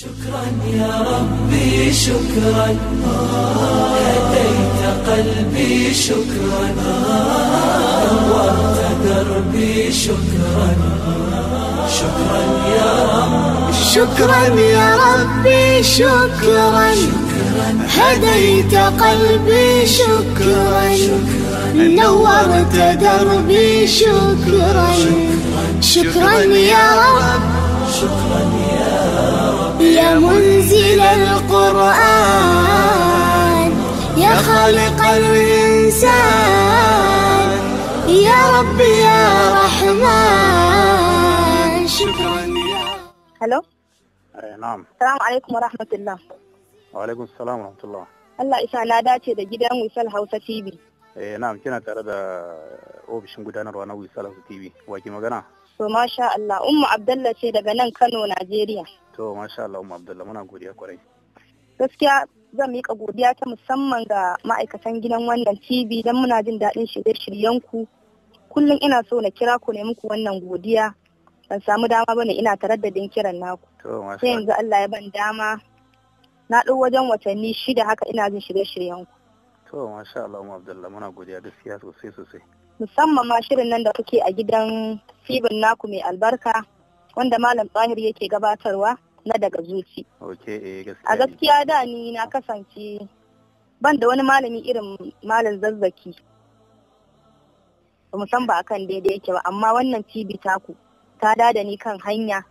شكرا يا ربي شكرا هديت قلبي شكرا نورت دربي شكرا شكرا يا رب شكرا يا ربي شكرا هديت قلبي شكرا نورت دربي شكرا شكرا يا ربي شكرا يا رب يا منزل القرآن يا خالق الإنسان يا رب يا رحمن شكرا يا هلو نعم السلام عليكم ورحمة الله وعلaikum salam wa rahmatullah Allah isa na dace da gidan Wisal Hausa TV eh na'am kina tare da ofishin gudanarwa na Wisal Hausa TV wa ki magana To masha Allah, Umma Abdalla ce daga nan Kano, Najeriya. To masha Allah, Umma Abdalla muna godiya kwarai. Gaskiya zan miƙa godiya ta musamman ga ma'aikatan gidan wannan TV don muna jin daɗin shirye shiryen ku Kullum ina so na kira ku ne muku wannan godiya. Ban samu dama bane ina taraddadin kiran naku. To Sai yanzu Allah ya ban dama. Na ɗau wajen watanni shida haka ina jin shirye-shiryenku. to masha Allah mu Abdullah muna godiya gaskiya sosai sosai musamman ma shirin nan da kuke a gidan fibin naku mai albarka wanda malam tsahir yake gabatarwa na daga zuci eh, a gaskiya da ni na kasance ban da wani malami irin malam zazzaki ba san ba akan daidai yake ba amma wannan TV taku ta dada ni kan hanya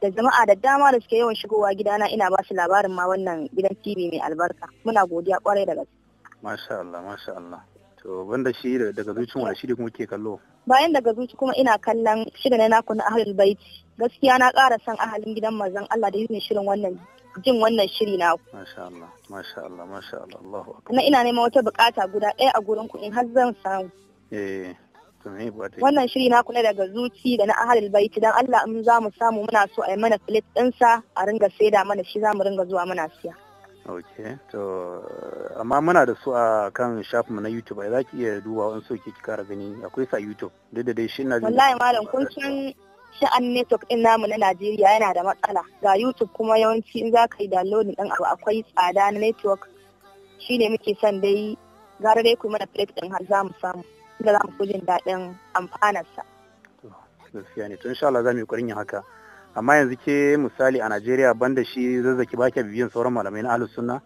da jama'a da dama da suke yawan shigowa gidana ina ba su labarin ma wannan gidan TV mai albarka muna godiya kwarai da gaske Masha Allah, masha Allah. To banda shi daga zuci wani shiri kuma ke kallo. Bayan daga zuci kuma ina kallon shirin na naku na ahalin baiti. Gaskiya na ƙara son ahalin gidan mazan Allah da yin shirin wannan jin wannan shiri na ku. Masha Allah, masha Allah, masha Allah, Allahu akbar. ina neman wata bukata guda ɗaya a gurin ku in har zan samu. Eh, wannan shiri na kuna daga zuci da na ahalil baiti dan Allah in za mu samu muna so a yi mana filit ɗinsa a ringa saida mana shi za mu ringa zuwa muna siya. ok to amma muna da su a kan shafinmu na youtube za ki iya duba wani so ki kara gani akwai sa youtube duk da dai shi na wallahi malam kun san sha'an network din namu na najeriya yana da matsala ga youtube kuma yawanci in za ka yi download din abu akwai tsada na network shine muke son dai gara dai ku mana plate din har za mu samu inda za mu fi jin daɗin amfanarsa gaskiya ne to insha Allah za mu yi ƙwarin yin haka amma yanzu ke misali a najeriya banda shi zazzaki ba bibiyan sauran malamai na ahlus sunna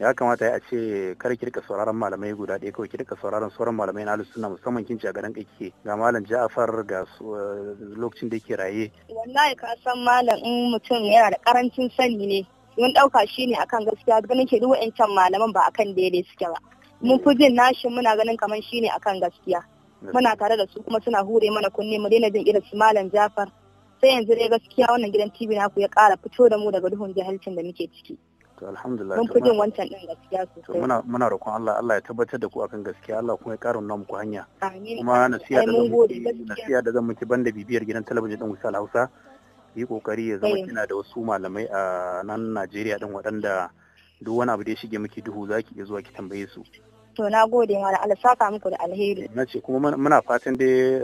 ya kamata ya ce kar ki rika sauraron malamai guda ɗaya kawai ki rika sauraron sauran malamai na sunna musamman kin ci a garin kake ga malam Ja'far ga eh, lokacin da yake raye wallahi ka san malam in mutum yana da karancin sani ne mun ɗauka shi ne akan gaskiya ganin ke duk wa'ancan malaman ba akan daidai suke ba mun fi jin nashi muna ganin kamar shi ne akan gaskiya muna tare da su kuma suna hure mana kunne mu daina jin irin su malam Ja'far sai yanzu dai gaskiya wannan gidan TV naku ya ƙara fito da mu daga duhun jahilcin da muke ciki. To alhamdulillah. Mun fi jin wancan ɗin gaskiya sosai. Muna muna roƙon Allah Allah ya tabbatar da ku akan gaskiya Allah kuma ya ƙara nuna muku hanya. Kuma nasiha da zan muke nasiha da zan miki banda bibiyar gidan talabijin ɗin Wisal Hausa. Yi kokari ya zama kina da wasu malamai a nan Najeriya ɗin waɗanda duk wani abu da ya shige miki duhu za ki iya zuwa ki tambaye su. to na gode ma Allah saka muku da alheri na ce kuma muna fatan dai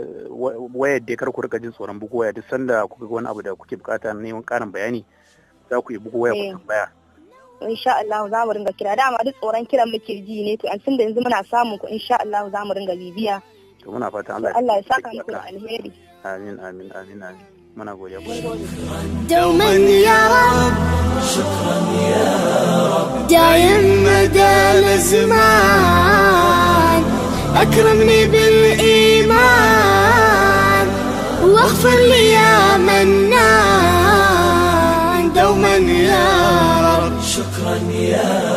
wayar dai kar ku rika jin tsoron bugu waya duk sanda kuka ga wani abu da kuke bukata neman karin bayani za ku yi bugu waya ku eh. tambaya insha Allah za mu ringa kira dama duk tsoron kiran muke ji ne to an tunda yanzu muna samu ku insha Allah za mu ringa bibiya to muna fatan Allah Allah ya saka muku da alheri amin amin amin amin muna godiya دوما يا shukran ya يا da yamma da lazma أكرمني بالإيمان واغفر لي يا منان دوما يا رب شكرا يا رب